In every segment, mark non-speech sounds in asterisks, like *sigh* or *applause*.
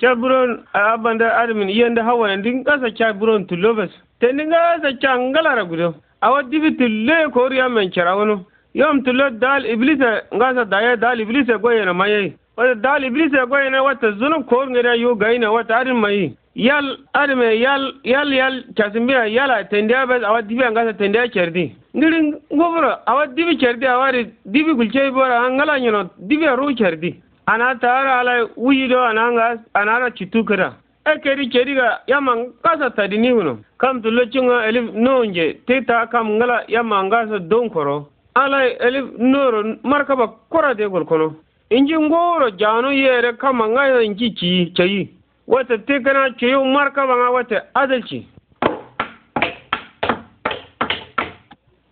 cabron abanda admin yende hawana din kasa cabron tulobes te ninga asa cangalara gudo awa dibi le koriya men carawono yom tullo dal iblise ngasa daye dal iblise na maye wata dal iblise goyena wata zunum kor ngere yo na wata adin mayi yal adme yal yal yal kasimbira yala tendiya bes awa dibi angasa tendiya cerdi ngiri ngobro awa dibi cerdi awari dibi gulcei bora angala nyino dibi aru cerdi ana tara ala wuyi uyido ananga anara chitukira ekeri keriga yaman kasa tadini huno kam tullo chinga elif nonje tita kam ngala yaman gasa donkoro ala elif noro markaba korade golkono inji ngoro jano yere kama ngaya inji chi chayi wata tekana chiyo markaba nga wata adalci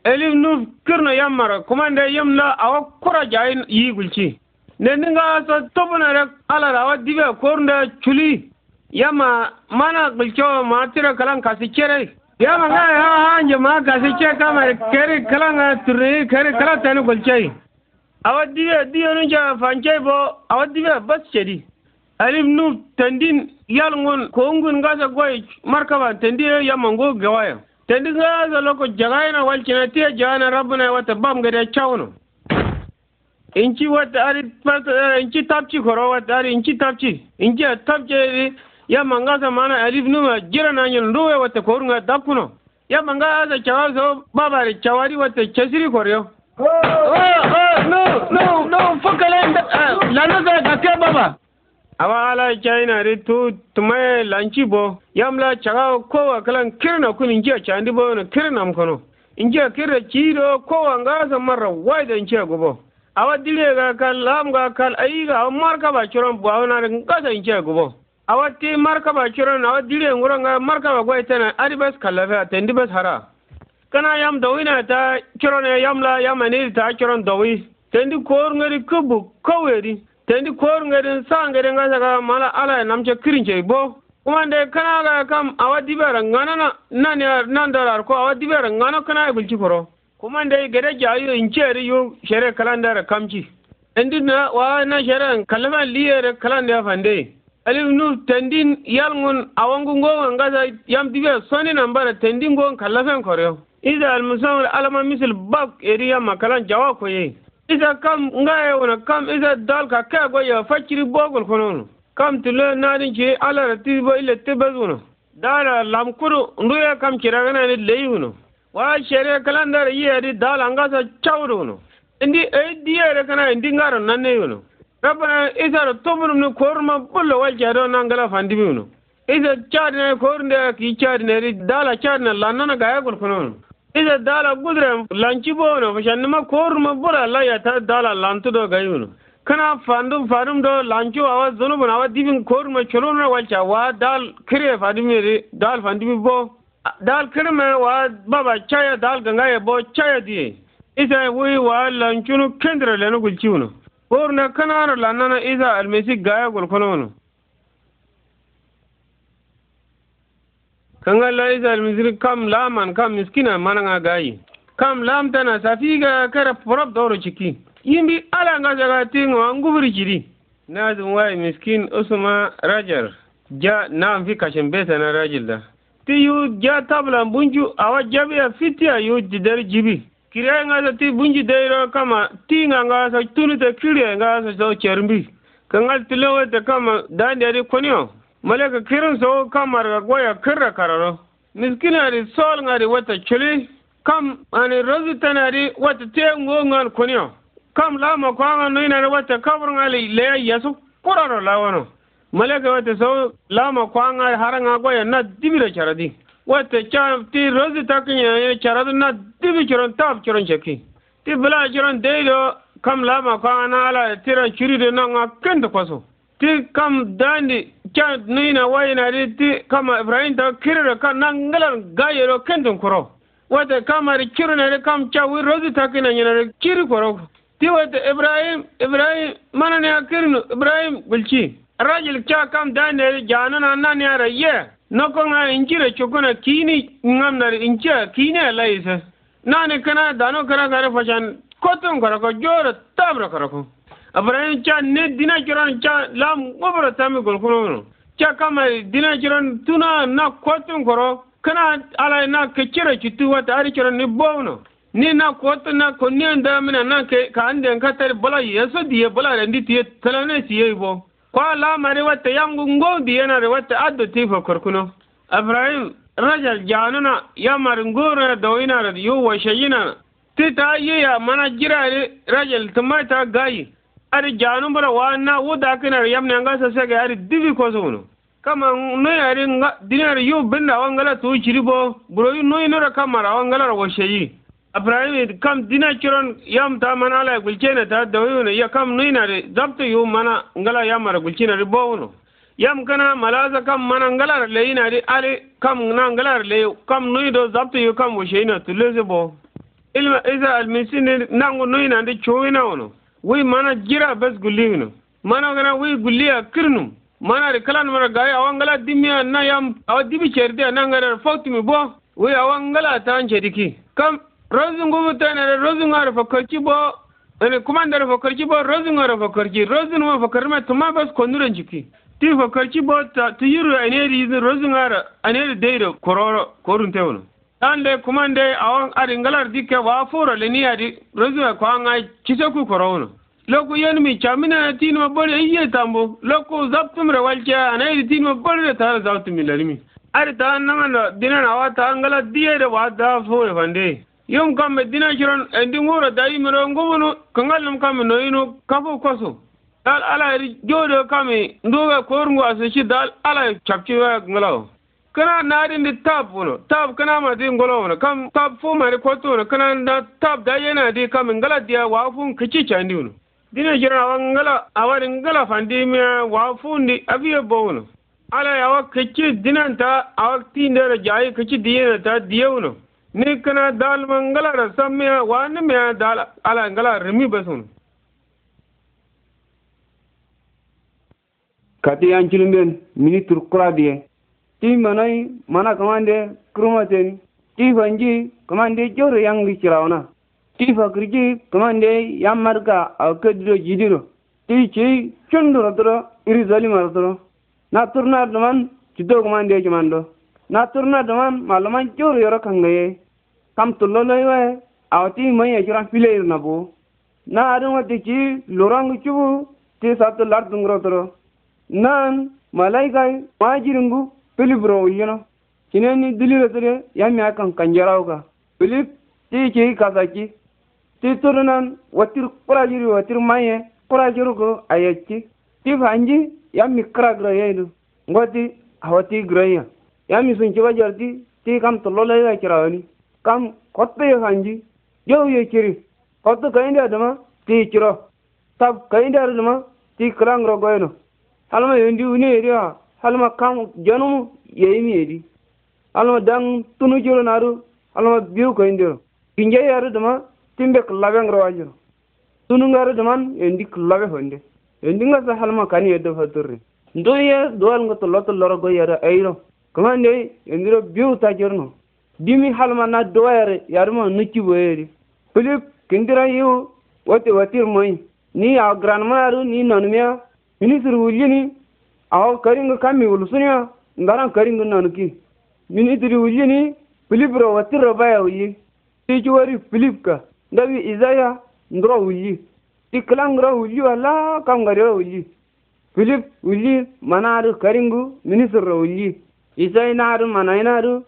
elif nuf kirna yamara kuma nda yamla awa kora jayin yigulci neninga so tobona rek alara wa dibe kornda chuli yama mana gilcho ma tira kalan kasi kere yama nga ha hanje ma kasi ke kama kere kalan turri kere kala tani gilchai awa dibe diyo nunja fanchai bo awa dibe bas chedi alif nu tandin yal ngon kongun ngun ngasa goy markaba tandi yama ngo gawaya tandi ngasa loko jagaina walchina tiya jana rabbuna wata bam gade chawno inci wata ari inci tapci koro wata ari inci tapci inci a tapce ya manga sa mana alif numa jira na nyon ruwe wata korunga dakuno ya manga asa chawar so babari chawari wata chesiri koryo oh oh no no no fokale ah, lana sa gaske baba awa ala china ri tu tumaye lanchi bo yamla chaga kowa kalan kirna kun inji a chandi bo na kirna mkono inji a kirna chiro kowa nga sa mara waida inji a gobo awa dire ga kal lam ga kal ayi ga marka ba curon bu awa na ka san ke gubo awa ti marka ba curon awa dire ngoro ga marka ba gwa itena ari bas kallafa tendi bas hara kana yam dawi na ta ya yam la yam ani ta curon dawi tendi kor ngari kubu kaweri tendi kor ngari sa ngari ga saka mala ala namche kirinche bo kuma de kana ga kam awa dibara ngana na nan nan darar ko awa dibara ngana kana bulci koro kuma ja yi in ce yu shere kalandar kamci na wa na shere kalaman liyere ya fande alif nu tendin yalngun awangu ngongon ngasa yam tibe soni nambara tendin ngonga kalafen koryo isa da alama misil bak eri yamma kalan jawa koye iza kam ngaye wona kam isa dal ka ke ya faciri bogol konono kam tulo nadin ci alara tibo ile tebes wono dara lamkuru nduya kam kiragana ni leyi wono wa shere kalandar yeri dal angasa chawruno indi ediyere eh, kana indi ngaro nanne yuno rabbana isar tumrum ni korma bullo waljado nangala fandibuno isa chadne kornde ki chadne ri dala chadne lannana gaya golkono isa dala gudre lanchi bono fashanma korma bula la ya ta dala lantudo gayuno kana fandum fandum do lanchu awa zunubun awa dibin korma chulumna walcha wa dal kire fandimi dal fandimi bo दाल खिर में वह बाबा चाय दाल गंगा ये बहुत चाय दिए इसे वही वह लंचुनु केंद्र लेनो गुलचीवनो और न कनार लाना ना इसे अलमेसी गाय गुलखनो नो kanga laizal kam laman kam miskina mananga gayi kam lam tana safiga kara prob doro ciki yimbi ala nga jaga tingo angubri cidi nazum wai miskin usma rajar ja nam fi kashin na rajil da ti yu ja tabla bunju awa jabiya fitiya yu jidar jibi kiriya nga sa ti bunji deiro kama ti nga nga sa tulu te kiriya nga sa so chermbi ka ngal tilo wete kama dandi adi konyo malaka kirin so kamar ga goya kirra kararo miskin adi sol nga adi wata chuli kam ani rozu tan adi wata te ngo ngan konyo kam lama kwa nga nuina adi wata kabur nga li leya yasu kuraro lawano malaka wata sau lama kwanga haranga goya na dibira charadi wata cha ti rozi takinya ye charadi na dibi chiron tab chiron cheki ti bla chiron deido kam lama kwanga na ala tiran chirido na nga kenda kwaso ti kam dandi cha nina na di ti kama ibrahim ta kirira kan na ngalan gayero kenda kuro wata kamar kirina kam cha wi rozi takinya nyina kiri kuro ti wata ibrahim ibrahim mana ne akirno ibrahim gulchi rajil kya kam dane janana nani ara ye ko na injire chukuna kini ngam na inche kini ala isa nani kana dano kara kara fashan kotum kara ko ta tabra kara ko abran cha ne dina kiran cha lam ngobra tami gol kuno cha kama dina kiran tuna na kotun koro kana ala na kecira chitu wata ari kiran ni bono ni na kota na da ndamina na ke ka ande nkatar bala yeso diye bala ndi tiye talane siye bo kwa la mari watta yangu biyana da wata watta addo tifa korkuno ibrahim rajal januna ya mari ngoro da wina da yo washayina ti ta yi ya mana jira ne rajal tumai ta gayi ari janun bara wa na wuda kana yamna ngasa sege ari divi ko sono kama noyari dinar yu binda wangala tu chiribo buro yu noyinora kamara wangala wa shayi abrahim kam dina kiron yam ta mana ala gulkena ta da wayuna ya kam nuina re dabta yu mana ngala ya mara gulkina re bawuno yam kana malaza kam mana ngala re ina re ale kam na ngala re kam nui do dabta yu kam wosheina tulese bo ilma isa almisini nangu nuina ndi chuina wono wi mana jira bas gulino mana kana wi gulia kirnum mana re kala mara gaye awangala dimya na yam awadimi cherde na ngara fotimi bo wi awangala ta anchediki kam rozungu tene rozunga ro fokorki bo ele kumanda ro fokorki bo rozunga ro fokorki rozunga ro fokorma tuma bas konura njiki ti fokorki bo ta ti yuru aneri izin rozunga ro aneri deiro kororo korun tewno tande kumande awon ari ngalar dikke wa furo le ni ari rozunga ko anga kisoku korono loku yen mi chamina tin ma bore yiye tambo loku zaptum re walche aneri tin ma bore ta zaptum mi larimi ari ta nanga dina na wa ta ngala diye re wa da fo fande yom kamme dina shiron endi ngoro dayi miro ngumunu kangalnum no noyinu kafu kosu dal ala ri jodo kamme nduga korngu asashi dal ala chapchi wa ngalaw kana nari ndi tab wono tab kana ma di ngolo wono kam tab fu ma ri kotu wono kana na tab da yana di kamme ngala dia wa fu kici chandi wono dina shiron awa ngala awa awari ngala fandi mi wa fu ndi abiye bo wono ala yawa kichi dinanta awa tindere jayi kici diyena ta diye wono ni kana dal mangala ra samya wan me dal ala ngala rimi basun kati anchilum ben mini turkura die ti manai mana kamande krumaten ti vanji kamande jor yang li chirawna ti fakriji kamande yammarka akadro jidiro ti chi chundro tro irizalima tro na turna duman chido kamande chimando na turna duman malaman jor yoro kangaye kam to loloi we aw ti mo ye jura pileir na bu na adun wa ti ki lorang chu ti sat lar dungro tro nan malai gai ma jirungu pilibro yino kineni diliro tere yami akan kanjarauka pilip ti ki kasaki ti turunan watir kurajiri watir maye kurajiri ko ayachi ti fanji yami kragra yedu ngoti awati sun yami sunchiwa jarti ti kam tololai ga kirawani kam kotto yo hanji yow yo kiri kotto kayindi adama ti kiro tab kayindi adama ti kilangro goyno halma yondi wuni yedi ha halma kam jonumu yeyimi yedi halma dang tunu jiro naru halma biu kayindiro kinje yaru dama timbe kilabengro wajiro tunu ngaru daman yondi kilabe honde yondi ngasa halma kani yeddo faturri ndoye duwal ngoto loto loro goyara ayro kamande yondiro biu tajirno dimi halma na doyere yarmo nuki boyeri pilip Kindira yu wote watir moy ni a granmaru ni nonmia ministre wulini aw karingu kammi wulsunya ngaran karingu nonuki ministre wulini pilip ro watir ro baya wuyi ti wari pilip ka ndawi izaya ndro wuyi ti klang ro wuli wala kam ngari ro wuyi pilip wuyi manaru karingu ministre ro wuyi izay naru manaynaru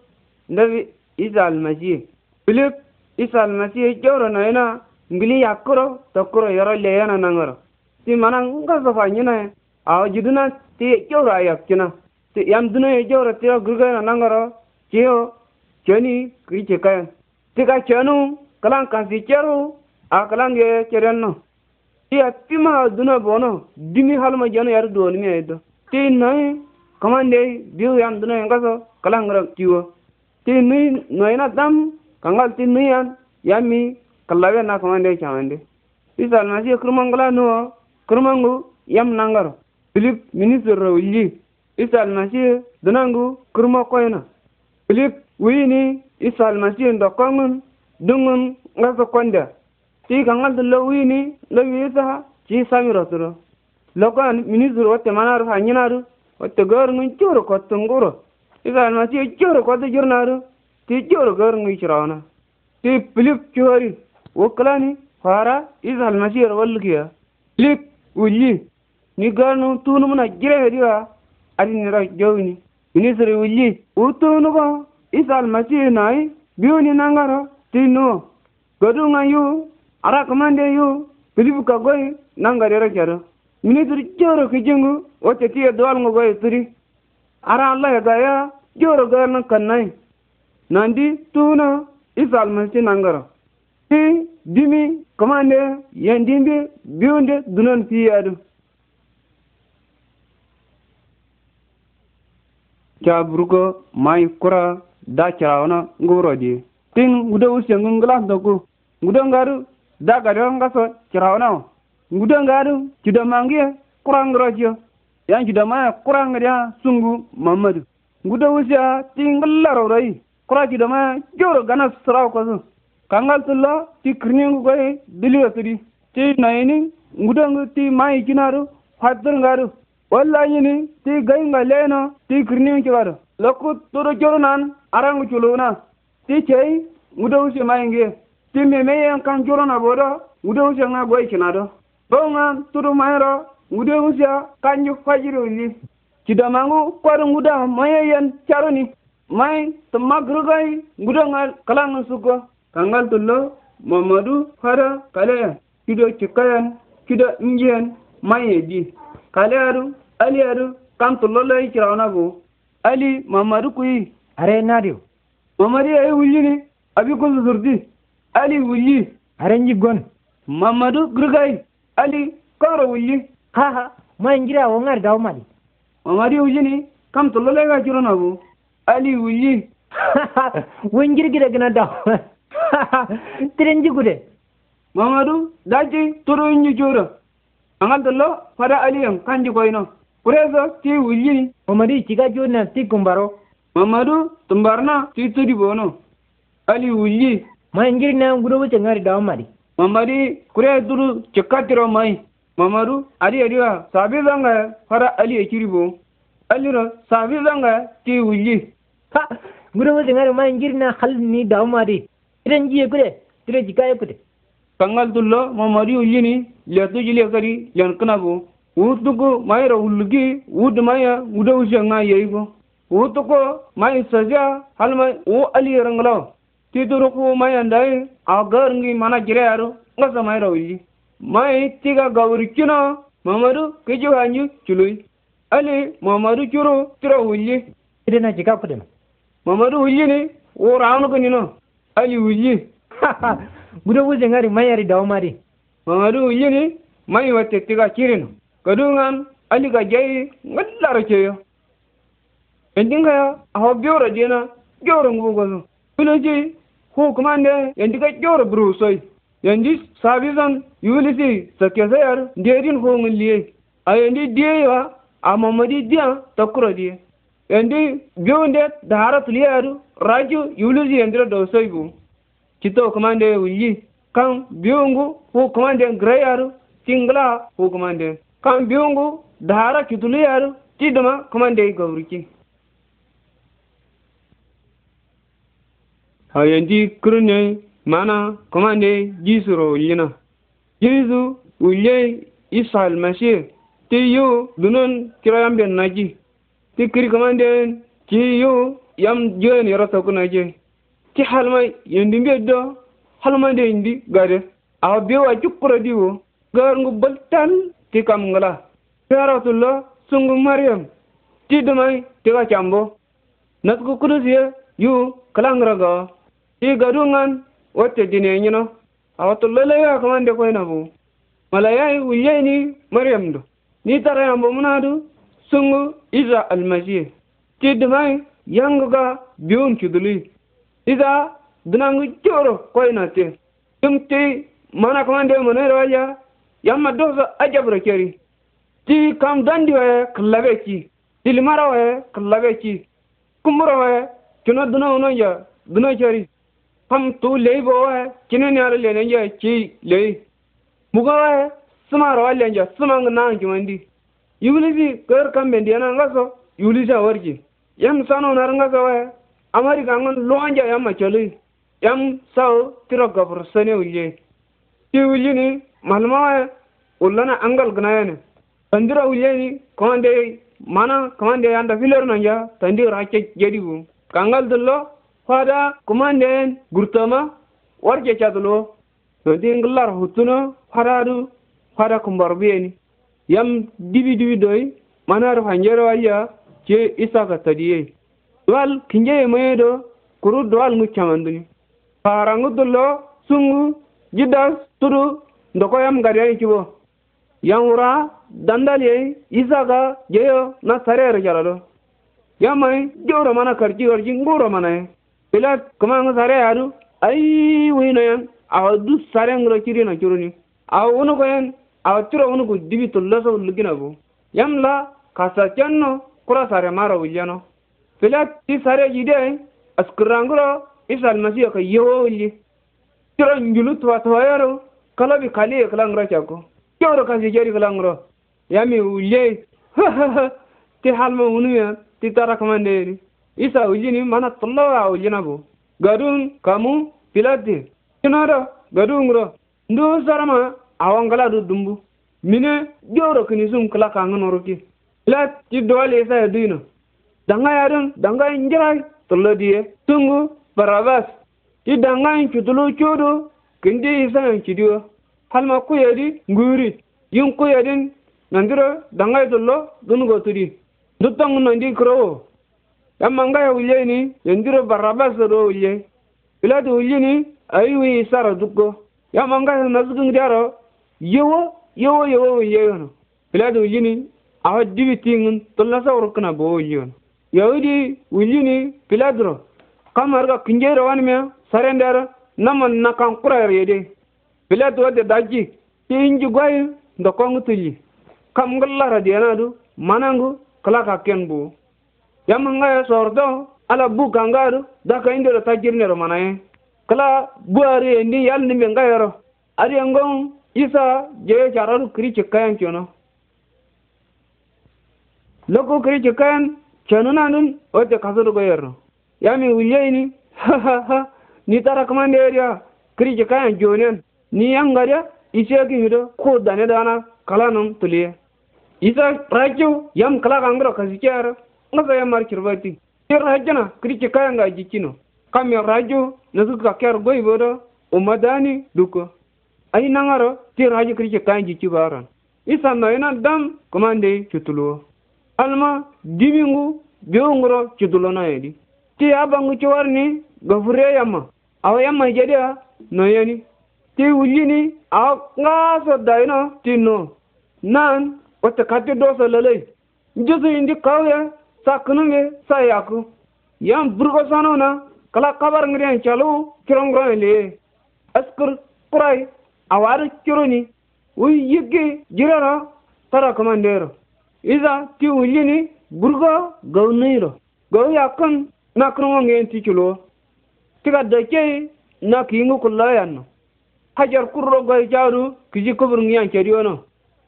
ndawi isa almasihi philip isa almasihi joro na ina ngili yakoro tokoro yoro le yana nangoro ti manang nga sofa nyina e. a jiduna ti joro ayak china ti yam duna ye joro ti ro gurga na nangoro chiyo choni kri chekaya e. ti ka chonu kalan kansi cheru a kalan ye cheren no ti a pima duna bono dimi halma jano yar duoni mi aydo e ti nai kamande biu yam duna ngaso kalan ngro tiwo nui na dam kangal tinuyan yami kallawe na kamande isa na si kurmangla no kurmangu yam nangaro philip minister isa na si dunangu kurma koyna philip wini si ndo ndokongun dungun ngazo konda ti kangal lo wini lo wisa ci samiro turo lokan minister wotte manaru hanyinaru wotte gorngun churu kottunguro igal ma ti jor ko de jornaru ti jor gor ngi chirawna ti plip chori woklani fara igal ma ti walkiya plip ulli ni garnu tunu muna jire diwa ari ni ra jowni ni sere ulli utunu ko igal ma ti nai biuni nangaro tinu godunga yu ara kamande yu plip ka goy nangare ra jaro mini tur jor ke jingu o te ti dwal ngo goy ara la ya gaya joro ga nan kan nai nandi tuna isal manti nangara ti dimi kamande yandimbe biunde dunan piyadu ja burgo mai kura da cirawna nguro di tin gudo usengu nglas doku gudo ngaru da garo ngaso cirawna gudo ngaru cido mangi kura yan kida maya kurang dia sungu mamadu ngudo wusia tinglaro rai kura kida maya joro gana sarau ko kangal tulla ti krinin ko diliwa tiri ti naini ngudo ngu ti mai kinaru fadur ngaru walla yini ti nga leno ti krinin kibaru lokku turo joro nan arangu chuluna ti chei ngudo wusia mai nge ti memeyen kan joro na bodo ngudo wusia nga goi kinado bonga turo mai ro ngude ngusia kanju fajiru cida kidamangu kwar nguda maye yan ni mai tamagrogai nguda ngal kalang suka kangal tullo mamadu fara kalaya kido chikayan kido injian maya di kalayaru aliyaru kan tullo lai kirawna bu ali mamadu kuyi are nadiu mamadi ay ni abi kun zurdi ali wulli are njigon mamadu grigai ali karo wulli ha ha ma ingira wo ngar daw mari wo mari ujini kam to lole ga jurono bu ali uji *laughs* wo ingira gida gina daw *laughs* tren ji gude mamadu daji turu inji jura angal to lo pada ali yang kan ji koino kureza ti uji ni mamadu chiga jurna ti gumbaro mamadu tumbarna ti turi bono ali uji ma ingira na ngudo wo ngar daw mari mamadi kure turu chekatiro mai mamaru adi adiwa sabi zanga fara ali ekiribo aliro sabi zanga ti wulli ha gure wo zingar ma ni khalni di. idan jiye gure dire jikaye kute kangal tullo mamari ullini letu jile kari yanknabo wutugo mayra ullugi wud maya wuda ushanga yeigo wutuko may saja halma wo ali ranglo ti duruku mayandai agarngi mana jireyaru ngasa mayra ulli mai tiga gauri kino mamaru kiji hanyu chului ali mamaru churu tira wulli na jika kudena mamaru wulli ni kini no ali ha, budo buze ngari mai mayari dawmari mamaru wulli ni mai wate tiga chirino kadungan ali ga jayi ngallara cheyo endinga ya aho biora jena biora ngugo kuloji ko kumande endika biora brusoi yanzu yi yendi sabizan yulisi sakesayar derin hongin liye a yanzu yendi diyewa a mamadi diya takura diye yendi biyonde dahara tuliyaru raju yulisi yendira dawsoygu kito kumande wulyi kan biyun ku biyongu hu kumande grayaru singla hu kumande kan biyun ku da da dahara kituliyaru tidama kumande gauriki yanzu yendi ne. mana komande jisuro ulyina jesu ulye isa almasih ti yo dunon kira yambe naji ti kiri komande ti yo yam jeni rata kuna je ti halma yendi mbe do halma de ndi gade a bewa cukura diwo gar ngu baltan ti kam ngala karatullah sungu maryam ti dumai ti ka cambo nasku kudusiye yu kalangraga ti gadungan wote dine ñino awatto loloya kamande koyna fo malayayi ni mariam do ni tarayambo munadu sungu isa almasihe yangu yanguga biyon cudului isa dunangu joro koyna te tum ti mana kamande moneroya yamma doso ajabro kiri ti kam dandi waye klabe ki tilimara waye kalabe ki kumburo waye kino duno ya duno keri ꯐꯝꯇꯨ ꯂꯩꯕꯣ ꯀꯤꯅꯅꯦ ꯂꯦꯅꯦ ꯀꯤ ꯂꯩ ꯃꯨꯒꯥ ꯁꯃꯥꯔꯣ ꯂꯦꯟꯖ ꯁꯃꯥꯡ ꯅꯥꯡ ꯀꯤꯃꯟꯗꯤ ꯌꯨꯂꯤꯖꯤ ꯀꯔ ꯀꯝ ꯕꯦꯟꯗꯤ ꯅꯥꯡ ꯒꯥꯁꯣ ꯌꯨꯂꯤꯖꯥ ꯋꯥꯔꯒꯤ ꯌꯥꯝ ꯁꯥꯅꯣ ꯅꯥꯡ ꯒꯥꯁꯣ ꯍꯦ ꯑꯃꯔꯤꯀꯥ ꯉꯟ ꯂꯣꯟꯖ ꯌꯥꯝ ꯆꯂꯤ ꯌꯥꯝ ꯁꯥꯎ ꯇꯤꯔꯣ ꯒꯕꯔ ꯁꯅꯦ ꯎꯌꯦ ꯇꯤ ꯎꯌꯤꯅꯤ ꯃꯜꯃꯥ ꯎꯜꯂꯅ ꯑꯪꯒꯜ ꯒꯅꯥꯌꯅꯦ ꯇꯟꯗꯤꯔ ꯎꯌꯦꯅꯤ ꯀꯣꯟꯗꯦ mana kamande yanda filer nanja tandi rake jedigu kangal dullo fada kumanden gurtama warje caduno nodin glar hutuno faradu fada kumbarbiyeni yam dibi dibi doy manar fanjero ayya ce isa ka tadiye wal kinje medo kuru dwal ngu chamanduni parangu dullo sungu jidas tudu ndoko yam gadiyani kibo yam wura dandaliye isa ka jeyo na sarero calalo yamai jowro mana karci karci nguro manaye ila kuma nga sare yaru ai wino yan awa du sare ngro kiri na curuni awa unu ko yan awa tiro unu ko dibi to laso lugina bo yam la kasa kenno kura sare mara wujano ila ti sare yide askurangro isal masiyo ka yewo wuli tiro njulu tuwa tuwa yaro kalabi kali kala ngro chako kyoro kasi jeri kala yami wuli *laughs* ha ha ha ti halmo unu yan ti tara ni. Isa ujini mana tullawa ujinabu. Gadun kamu pilati. Kinara gadun ro. Ndo sarama awangala du dumbu. Mine joro kini sum kala kangen oroki. Pilat ti dole isa yadina. Danga yadun danga injirai tulla diye. Tungu barabas. Ti danga inchutulu chodo. Kindi isa inchidiwa. Halma kuyadi nguri. Yung kuyadin nandiro danga tullo dungo turi Dutang nandi krowo. ya do wulyeni yendiro barrabas ɗo wulye pilatu wulyini ayi wi sara dukko yammangaya nasugingdiaro yewo yewo yewo wulyeyono pilatu ni aho dibi tiŋin tolnasa urukna bo wulyeyono yahudi wulyini pilaturo kamarga wani mea sarendero naman nakan kurayar yede pilatu wadde daji ti inji gwayi ndokongu tulyi kam ngillara diyanadu manangu kalaka ka yamanga ya sordo ala bu kangaru da ka ta tajirne ro manaye kala ari ni yal ni menga yaro ari ngong isa je jararu kri kayan chono loko kri chikayan chono nanun ote kasuru go yaro yami ulyeni *laughs* ha ha ha ni tara kamande area kri chikayan jonen ni yangaria ki hido ko dane dana kala nun tuliye isa prachu yam kala kangro kasicharo ngabe mar kirbati yer hajjana krike kayanga jikino kamya umadani duko ai nangaro tir haji krike kayanga jikibaran isa no ina dam komande chutulo alma dimingu biungro chutulo na edi ti abangu chwarni yama awa yama no yani ti awa ngaso ti no nan wata kati dosa lalai indi kawya sa kununge sa yaku yan burgo sano na kala kabar ngriyan chalu kirongro le askur kurai awar kiruni uy yigge jirara tara commander iza ti ulini burgo gawniro gaw yakun na krongo ngen ti chulo tiga dake na kingu kullayan hajar kurro gai jaru kiji kubur ngian cheriyono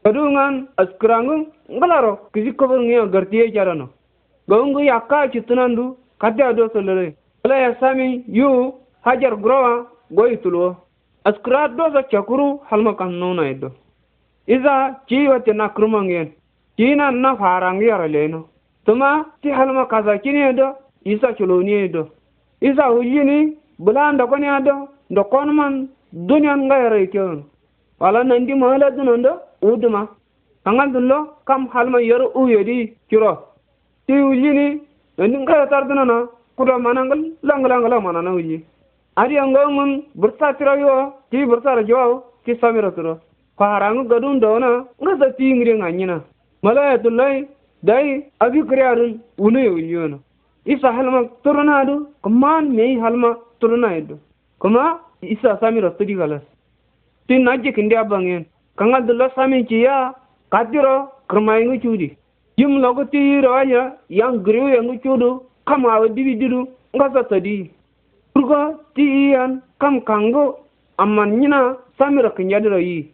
kadungan askurangu ngalaro kiji kubur ngiyan gartiye jarano ya ka yakka chitunandu kate ado solore ya sami yu hajar growa askra do za chakuru halma na ido iza na krumangen chiina na farangi leno tuma ti halma kini ido isa chuloni edo isa hulyini bula ndokoni ado dunyan ngay re ikewon wala nandi mahala dunando uduma kangal dunlo kam halma yoro uyedi kiro ti uljini nga tardina na kuda manangal langalangala manana ulji adi anga ngun bursa tirayo ti bursa ra jawo ti samira tiro kwarangu gadun dona nga sa ti ngri nganyina malayatullahi dai abi kriyarun unu uljona isa halma turuna adu kuman mei halma turuna edu kuma isa samira tudi galas tin najje kindi abangen kangal dulla samin ciya katiro kermaingu cudi yim logo ti yiro anya yang griu yang chudu kam we dibi didu ngasa tadi turgo ti yan kam kango amman nyina samira kinyadiro yi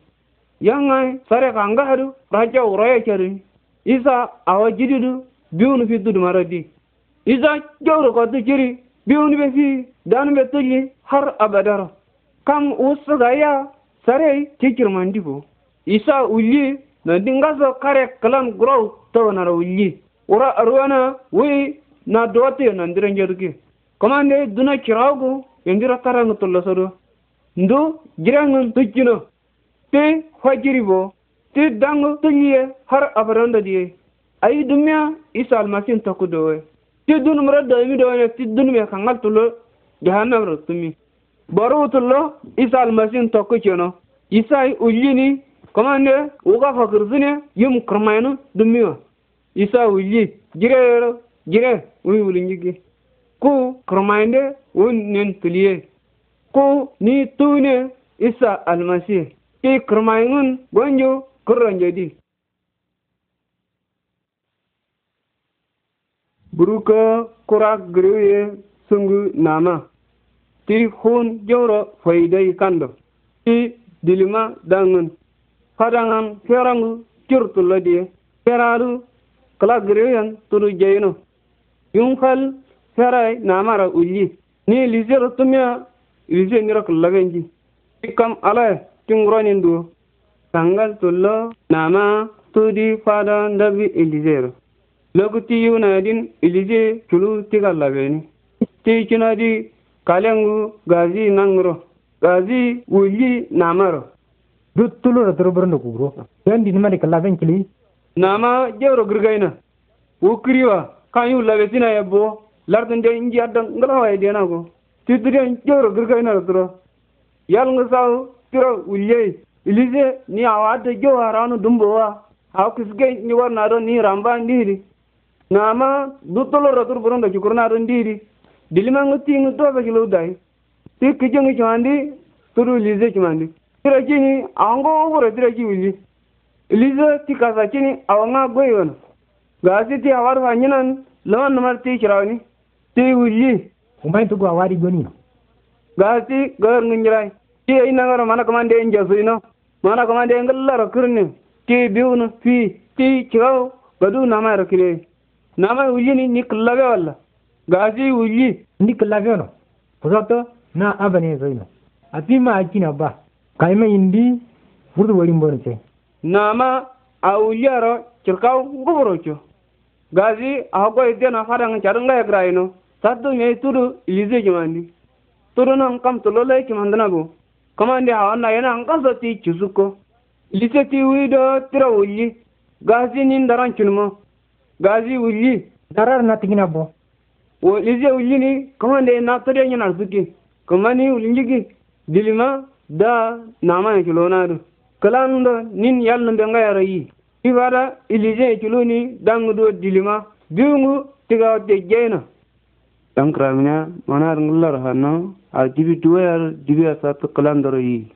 yanga sare kanga haru raja uraya chari isa awa jididu biun fi dudu maradi isa jawro ko tu chiri biunu be fi danu be tuli har abadara kam usuga ya sare tikir mandibo isa uli na dingaso kare kelam grow tawa na rawulli wara arwana wi na dote na ndira ngerki komande duna kiragu yendira karang tullo sodo ndu jirang tujino te hajiribo te dango tuliye har abaranda diye ayi dumya isa almasin takudowe ti dun mura dami do ne ti dun me kangal tulo jahannam ro tumi baro tulo isa almasin tokko cheno isa ullini komande uga fakirzine yum krmayno dumiwa isa wuli jirero jire wi wuli nyigi ku kurmainde wun nen tuliye ku ni tune isa almasi ki kurmaingun gonjo kurronjo di buruka kurak gruye sungu nama ti hun joro faidai kando ti dilima dangun kadangan kerangu kirtu di keraru kala giriyan turu jeyino yunkal ferai namara uli. ni lisero tumia lise niro kulagenji ikam ala tingronin duo sangal tullo nama tudi fada ndabi ilisero lokuti yunadin ilise chulu tiga labeni ti chinadi kalengu gazi nangro gazi ulli namaro duttulu raturu burundu kubro yandi nimani kalaven kili nama jero girgayna wo kiriwa kan yu labe ya bo lardun de inji addan ngalawa ya dena ko tidire jewro girgayna tro yal nga saw tro ulye ilise ni awa de jowa ranu dumbo wa aw kisge ni warna do ni ramba ndiri nama dutolo rotur burunda kikurna do ndiri dilima nguti nguto ba kilu dai ti kijeng chandi turu ilise chandi tira kini ango wuro tira ki ulye lizo ti kasakini awanga goyon gasi ti awar fanyinan lawan namar ti kirawni ti wulli umbayin tugu awari goni gasi gawar nginjirai ti ina ngaro mana kamande en jasu ino mana kamande en gallaro kirni ti biwnu fi ti kiraw gadu namay rokire namay wulli ni ni killabe walla gasi wulli ni killabe no kusato na abane zoino atima akina ba kaima indi furdu wari mbonce nama auyaro cirkau gubrocho gazi ahogo idena fadang charunga egraino saddu me tudu ilize kimandi tudu nan kam tolole kimandana go kamandi hawanna yana an kanso ti chusuko ilise ti wido tira wulli gazi nin daran chunmo gazi wulli darar na bo wo ilise wulli ni kamande na tode nyana suki kamani wulinjigi dilima da nama kilonado kalanunda nin yalnumbe ngayaro yi ibada ilije culuni dangudo dilima biungu tiga te jeyna tankraminya manar ngular hano a dibi duwayar dibi asatu kalandaro yi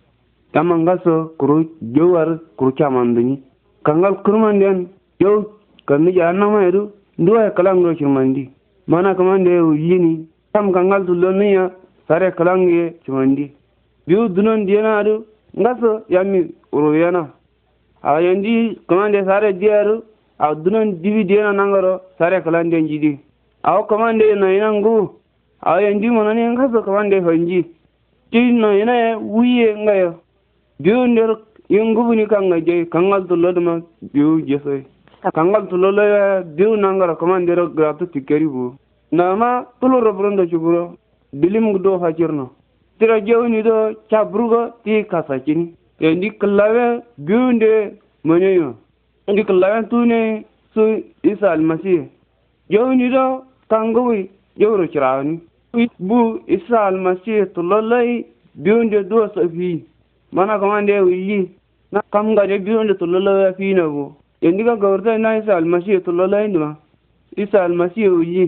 tamangaso kuru jowar kuru camanduni kangal kurmandian jow kanni jahannamaydu nduwaya kalangro curmandi mana kamande yini tam kangal tulloniya sare kalangiye curmandi biu dunon diyenaadu ngas yami uruyana a yandi kamande sare diyaru a dunan divi na nangaro sare kalande njidi aw kamande na inangu a yandi monani ngaso kamande fanji ti na ina wiye ngayo biyu nder yungubuni kanga je kangal tulodma biu jesoy kangal tulolo biyu nangaro kamandero gratu tikeri bu nama tulo robrondo chuburo bilim do hajirno tira jewni do cabrugo ti kasakini te eh, ndi klawe biunde moneyo ndi klawe tune su isa almasih jewni do tangowi jewro cirawni bu isa almasih tulolai biunde do safi mana kamande wiyi na kamga de biunde tulolai fina bo eh, yendi ka gawrta na isa almasih tulolai nduma isa almasih wiyi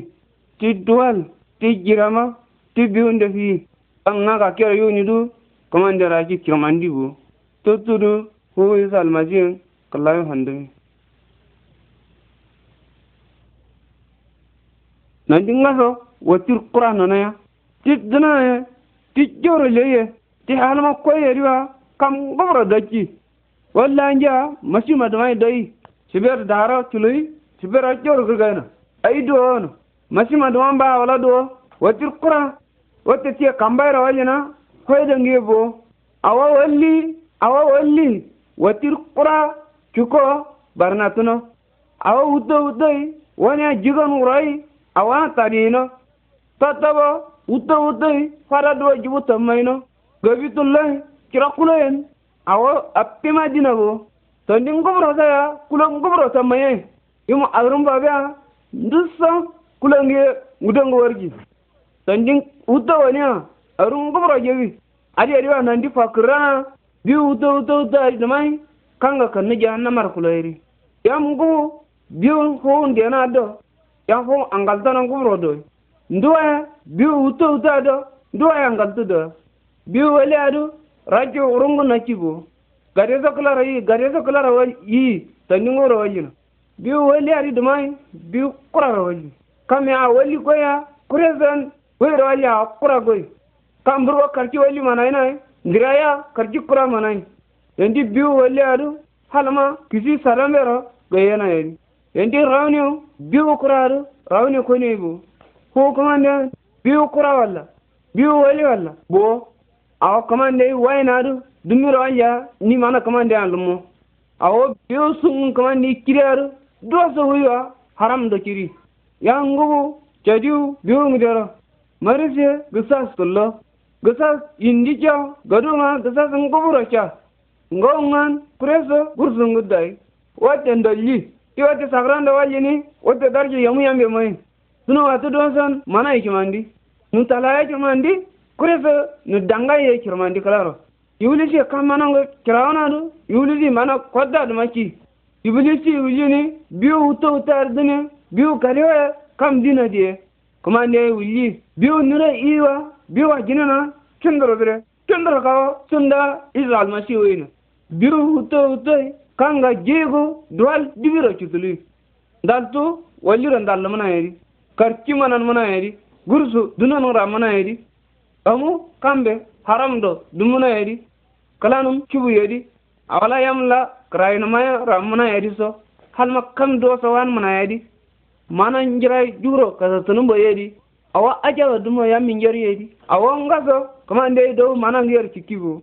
ti duwal ti jirama ti biunde fi na ka kero yuni du kamande ra ki kirmandi bu to tu du ko is almaji kallayo handu nandi ngaso watir qur'an na ya ti dana ya ti joro le ye ti halma ko ye riwa kam gobro daki walla anja mashi madmai dai sibir daro tuloi sibir joro gurgana ai do no mashi madwan ba wala do watir qur'an wata tiya kambai rawa jina kwaye da nge bo awa wali awa wali watir kura chuko barna tuno awa udo udo wani a jigan urai awa tari ino tata ba udo udo fara dwa jibu tamma ino gabi tun tulay kira kula yin. awa apima jina bo tondi ngubro saya kula ngubro tamma yen yumo agrumba babiya ndusa kula ngiye ngudengu wargi sanjin uta wani waniya arun gumro jewi adi adi wa nandi fakirana bi uta uta uta adi namai kanga kanna jahannamar kulayri yam gumu biu houn na do ya yam fo angaltana gumro do ya biu uta uta do ya an galta do biu wali adu rajo urungu na gare nakibo gadezo klara yi kula klara yi sanjin gumro wajina biu wali adi dumai biu kurara wajina kame a wali ya kurezen wero walya kura goy kamburgo karci walli manai nai giraya karci kura manai endi biu walli adu halama kisi salambero gayena yedi endi rauni biu kura adu rawni koni bu ko kamande biu kura walla biu wali walla bo awo kamande wayna adu dumiro walya ni mana kamande an lumo awo biu sungun kamande kiri adu doso huywa haram do kiri yangubu jadiu biu ngidero marje gisas tullo gisas yindi kya gado nga gisa sun kuburo kya ngo ngan preso gursun gudai wate ndolli ti wate sakranda wajini wate darji yamu yambe mai suno watu donsan mana mandi nu talaya mandi kureso nu dangaye mandi kalaro ibilisi kamanango kirawonadu ibilisi mana koddadu maki ibilisi ibilini biu uto utardini biu kariwa kam dina diye kuma ne wili biyo nure iwa biwa gina na chundro bire chundro ka sunda israel ma shi wina biru huto huto kanga jego dual dibiro chutuli dalto waliro dal mana yari karchi manan mana yari gursu dunan ra mana yari amu kambe haram do dumuna yari kalanum chubu yari awala yamla krayna maya ra mana yari so halma kam do so wan mana yari mana njirai juro kasa ba yedi awa duma ya min njer yedi awa ngaso nde do mana ngiyer cikkibo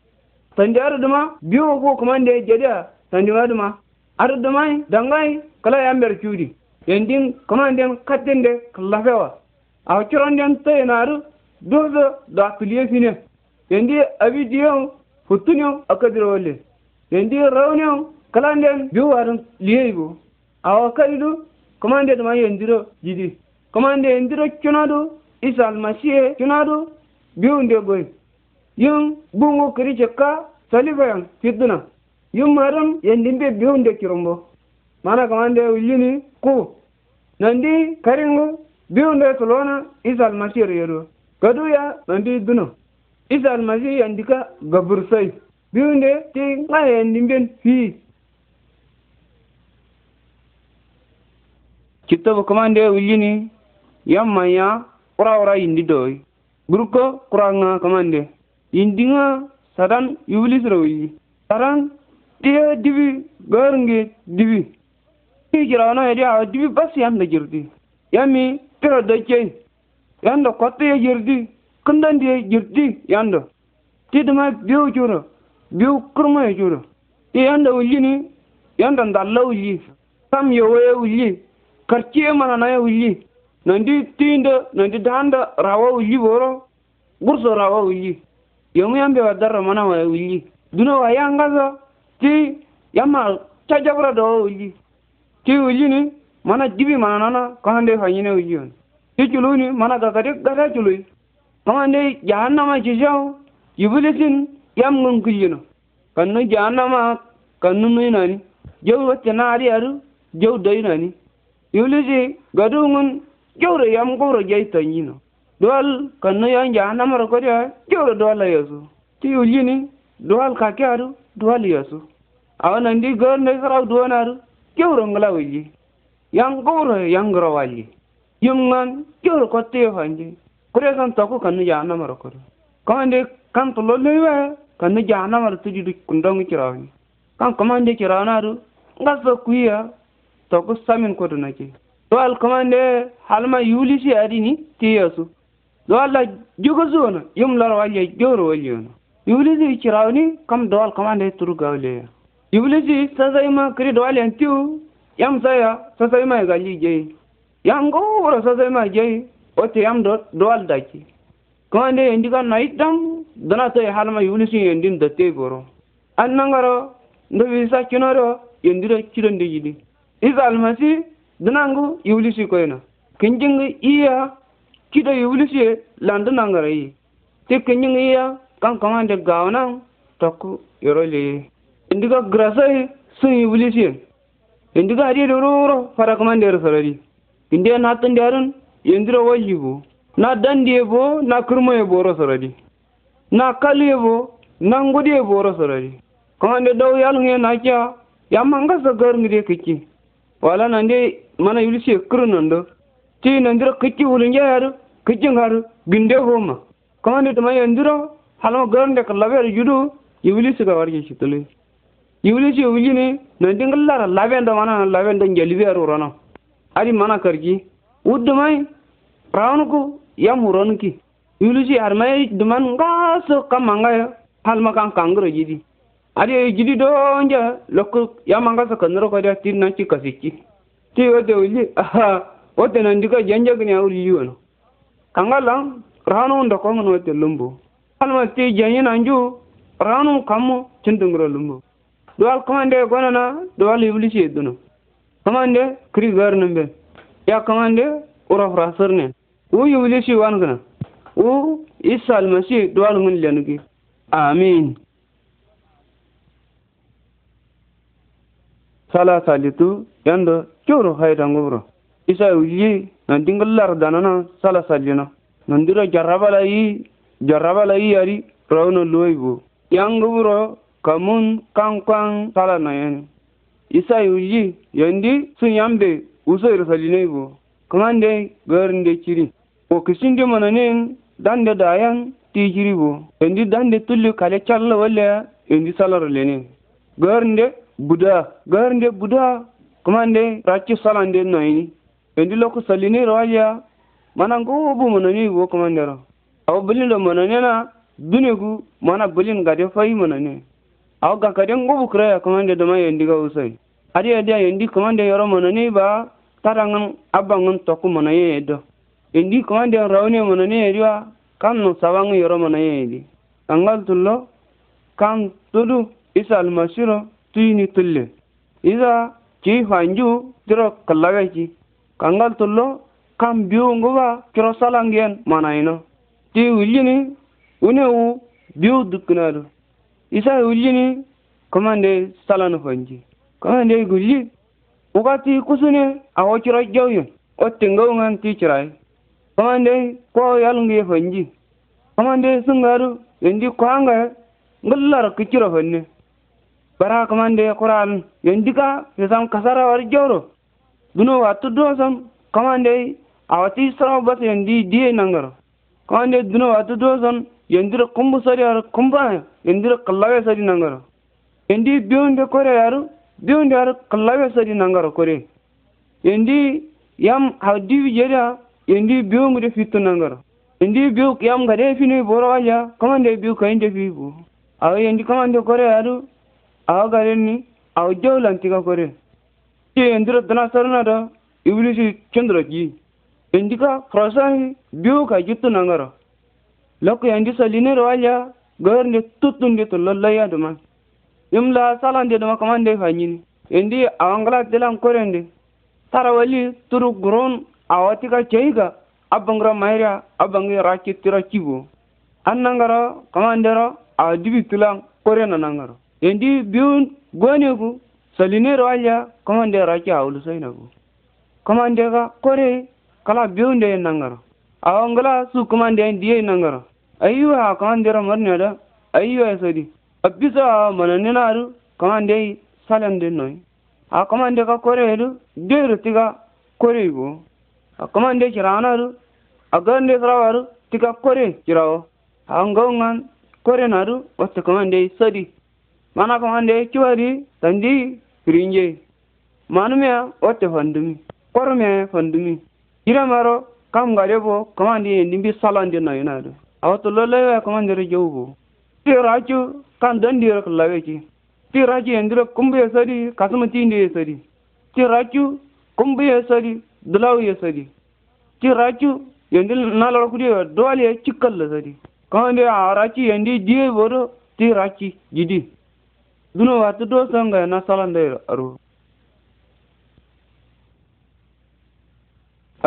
tandi ar duma biwo ko kamande jedia tandi ar duma aru duma dangai kala ya mer cuudi yendin kamanden kala kalafewa awa curonden toyenaaru duso do apiliye fine yendi abi diyon akadiro le yendi rawniyon kalanden biwo arun liyego awa kadidu komande tuma yendiro jidi commande yendiro cunadu isa almasiye cunadu biunde goy yun bungu kirice ka salibayan fitduna yun maram yendimbe biunde kirombo mana commande ulyini ku nandi karingu biunde tulona isa almasiyero yero kaduya nandi duno isa almasiye yandika gabursai biunde ti nga yendimben fii kitto kumande uljini yamma ya ura ura indi doy burko kuranga kumande indinga sadan yubilisro ulji sadan diya dibi gorngi dibi ti jirawno yedi awa dibi bas yamda jirdi yami tiro doccey yando kottoye jirdi kundandiye jirdi yando ti duma biu juro biu kurmoye juro ti yando uljini yando ndalla ulji sam yowoye ulji kartiye mana naya wulli nandi tindo nandi danda rawa wulli boro burso rawa wulli yomu yambe wa darra mana wa wulli duno wa yangazo ti yamma tajabra do wulli ti wulli ni mana dibi mana nana kahande fanyine wulli on ti ni mana gagade gada chului kamande jahannama jijau iblisin yam ngun kujino kannu jahannama kannu nani jau watte nari aru jau dai nani yuluji gadungun jowro yam nyino jey kanu yan ja yon ko kodio jowro duwala yesu ti yulini duwal kake kyaru duwal yesu gor ne saraw duwonaru jowro ngla wulji yang gowro wali walji yumngan ko ti hanji kure san toku kanno ko kodo komande kan kanu ja kanno tuji du kundong cirawni kan komande cirawnaru ngaso kuya samin togussa ke kotonake al komande halma yulisi adini tiyesu do allah jugo zona yum lor walye joro yuli si cirawni kam ɗo alkamande turu gawleya yulisi ma kiri do walyen tiu yam saya ma gali je yam gowro sasayma jeyi ote yam do do al daki kamande yendi kam nayi ɗam dona to e halma yulisi yendin te goro an nangaro ndo visa kinoro yendiro ciɗo ndejiɗi iz almasi dinangu yublisi koyna kinjing iya kida yublisi landu nangarai te kinjing iya kan kamande gawna takku yorole indiga grasai sun yublisi indiga hadi dororo fara kamande rsorali kinde na tandarun yendira wajibu na dandiye bo na kurmaye boro sorali na kaliye bo na ngudiye boro sorali kamande daw yalnge na kya yamanga sagar ngide kiki Wala nande mana yuli si ekkur nando. Ti nandira kichi ulingya yaru, kichi ngaru, binde homa. Kamande tama yandira, halama garande kalabe yaru yudu, yuli si kawarge shitule. Yuli si yuli ne, nandingalara lavenda mana lavenda ngelibe yaru rana. Ari mana kargi, uddumai, raunku, yam huronki. Yuli si armai duman ngaso kamangaya, halma kang kangro jidi. 아니 길이 돈게 럭크 야망가서 건너러 가려 뛰는 치까지지 뛰어도 올리 아하 어때는 네가 연자 그냥 우리 이원 강가랑 라노는 더 공은 어때 lumbu alma ti janyin anju ranu kamu chindungro lumbu dual komande gonana dual iblisi duno komande kri garnambe ya komande ura frasarne u iblisi wankana u isa almasi dual ngun lenugi amin sala salitu yanda kyoro hayda ngobro isa yi nan dingallar na sala salina nan dira jarrabala yi jarrabala yi yari rawno loibo yangobro kamun kankwan sala na yani isa yi yandi sun yambe uso irsalina ibo kamande garinde kiri o kisinde mananen dande dayan tijiri bo yandi dande tullu kale challa wala yandi salar lenin de. buda garnde buda kumande racci salande noyini endi loko salini rawaja mana ngo bu mononi go kumande ro aw bulin do mononi na dunigu mana bulin gade fayi mononi aw ga kade ngo bu kraya kumande do mai endi ga usai adi adi endi kumande yoro mononi ba tarangan abangan toku mononi edo endi kumande rawne mononi ediwa kan no sawangu yoro mononi edi angal tullo kan tudu isa almasiro sini tulle ida ki hanju tiro kallaga ki kangal tullo kam biu nguga kiro salangien manaino ti une u biu dukkunadu isa ullini komande salanu honji komande gulli ugati kusune awo kiro jawyo ottingawngan ti cirai komande ko yalngi honji komande sungaru endi kwanga ngullar kiciro honne bara kamande quran yon dika yosam kasara war joro duno wa tuddo sam kamande awati sara bas yon di di nangaro kamande duno wa tuddo sam yendiro kumbu sari ar kumba yendiro kallawe sari nangaro yendi biyonde kore yaru biyonde ar kallawe sari nangaro kore yendi yam hadiwi jeriya yendi biyongude fittu nangaro yendi biyu yam gade fini borowaja kamande biyu kayinde fibu awa yendi kamande kore yaru అవగాని అవజావులు అంతేగా కొరే ఎందుకు ధనాసరనారా ఇవిలిసి చంద్రకి ఎందుక ఫ్రసాహి బివు కాగిత్తు నంగరా లోక ఎండి సలినే రవాల్యా గర్ ne tutun de to lolla ya duma imla salan de duma kamande fanyini endi awangla dilan korende tarawali turu gron awati ka cheiga abangra mayra abangi rakitira kibo annangara kamandera adibi tulang korena nangar. endi biun goneku salinero alya komande raki a awulu ku. komande ka kore kala nangara. nangaro awangala su komande en diye nangaro ayyu ha komandero marne da ayyu esodi abisa mananinaru komande salande noy a komande ka kore koreru deru tiga ku. a komande ru, a gande sarawaru tiga kore kirawo a ngongan korenaru watta komande sadi. mana ko hande kiwari tandi pirinje manume otte hondumi korme hondumi yiramaro kam garebo kamandi nimbi salande na yunado awto lollewe kamandere jowbo ti raju kan dandiro ko laweki ti raju endiro kumbe sadi kasuma tinde sadi ti raju kumbe sadi dulaw sadi ti raju yendil nalor kudiyo dole cikkal sadi kamande a raju yendi diye boro ti raju jidi duno watu do sanga na salande aru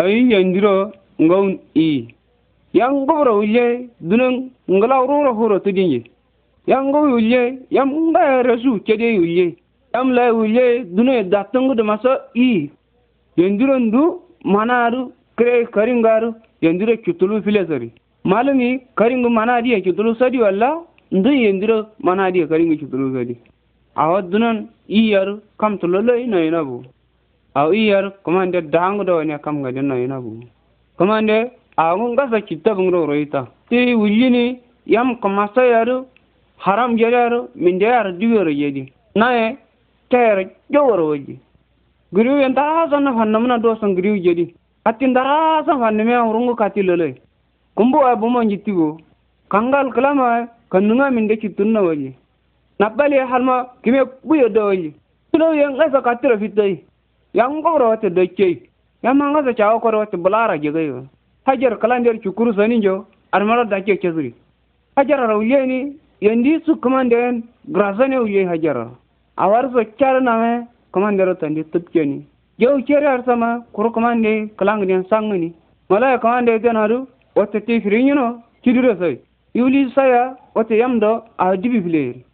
ayi yandiro ngaw i yang bobro ulle dunang ngala roro horo tudinye yang go ulle yam nga resu chede ulle yam la ulle duno e datungu de maso i yandiro ndu manaru kre karingaru yandiro chutulu file sari malumi karingu manadi chutulu sadi walla ndu yandiro manadi karingu chutulu sadi awa dunan iyar kam to lolo ino ina bu aw iyar komande dangu do ne kam ngade no ina bu komande awun gasa kitta bungro roita ti wujini yam komasa yaru haram yaru minde yar diwero yedi nae tere joworo woji giriw en darasan na fannamna do san giriw yedi atin darasan fanname urungu kati lolo kumbu abumo jittigo kangal kalama min minde kittunna woji na bali halma kime buyo doyi tulo yang ngasa katira fitai yang ngoro te dokkei yang mangasa chawo koro te bulara jegayo hajar kalandir chukuru jo armara dake chezuri hajar rawleni yendi su kamanden grasane uye hajar awar so charna me kamandero tandi tupkeni jew chere arsama kuru kamande kalangni sangni malaya kamande tenaru wotte tifrinyino kidure sai yuli saya wotte yamdo a dibi fileri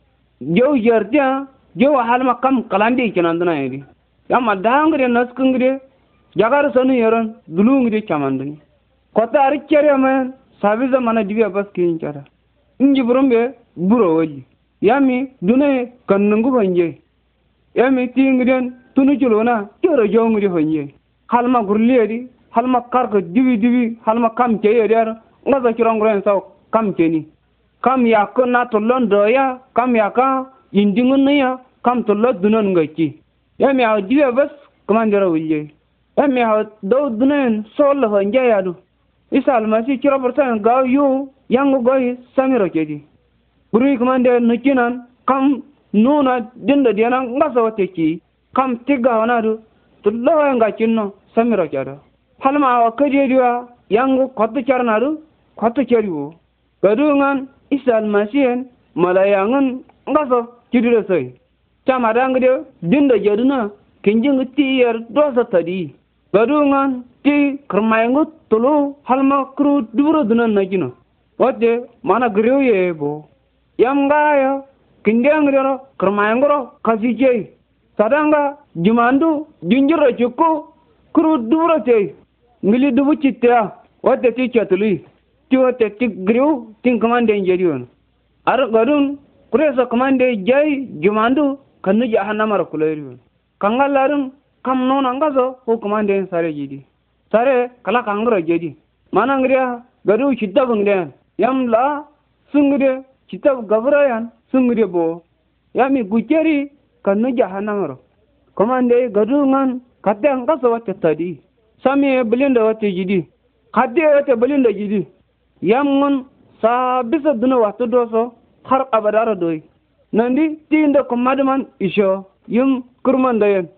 jew jartiya jew halma kam kalande kinandana yedi yamma dangre naskungre jagar sanu yaron dulungre chamandani kota ar kere ma sabiza mana dibya bas kin kara inji burumbe buro waji yami dune kannungu banje yami tingren tunu julona kero jongri honje halma gurliyedi halma karko dibi dibi halma kam keyedi ar ngaza kirongren saw kam keni kam ya na to londo ya kam ya ka indingun ya kam to lo dunon ngaki ya mi ha diwe bas kaman jara wulye ya mi ha do dunen sol ho nja ya du isal ma si kira persen ga yu yang go yi samiro kedi buru kaman de nukinan kam nuna dindo diana ngasa wate ki kam tiga wana du to lo ngaki no samiro kedi halma wa kedi diwa yang ko to charna du Kotu to kedi wo gadungan isan masien malayangan ngaso kidira sai chamara ngde dinda yaduna kinjing ti yer dosa tadi gadungan ti kermayangu tulu halma kru duro dunan nagino wate mana griyo ye bo yam gaya kindeng ngro kermayangu ro kasije sadanga jumandu junjiro chukku kru duro te ngili dubu chitta wate ti chatuli ti wate ti griyo tin kamande on ar garun kuresa kamande jai jumandu kanu jahannamara kuleriyon kangalarun kam nona ngazo ko oh kamande sare jidi sare kala kangra jidi manangriya garu chittagungde yam la sungre chittag gavrayan sungre bo yami gucheri kanu jahannamara kamande garu ngan kadde ngazo watte tadi sami bilinda watte jidi kadde watte bilinda jidi yam ngon sa bisa duna watu doso har abadara doi nandi tiinde ko madman isho yum dayan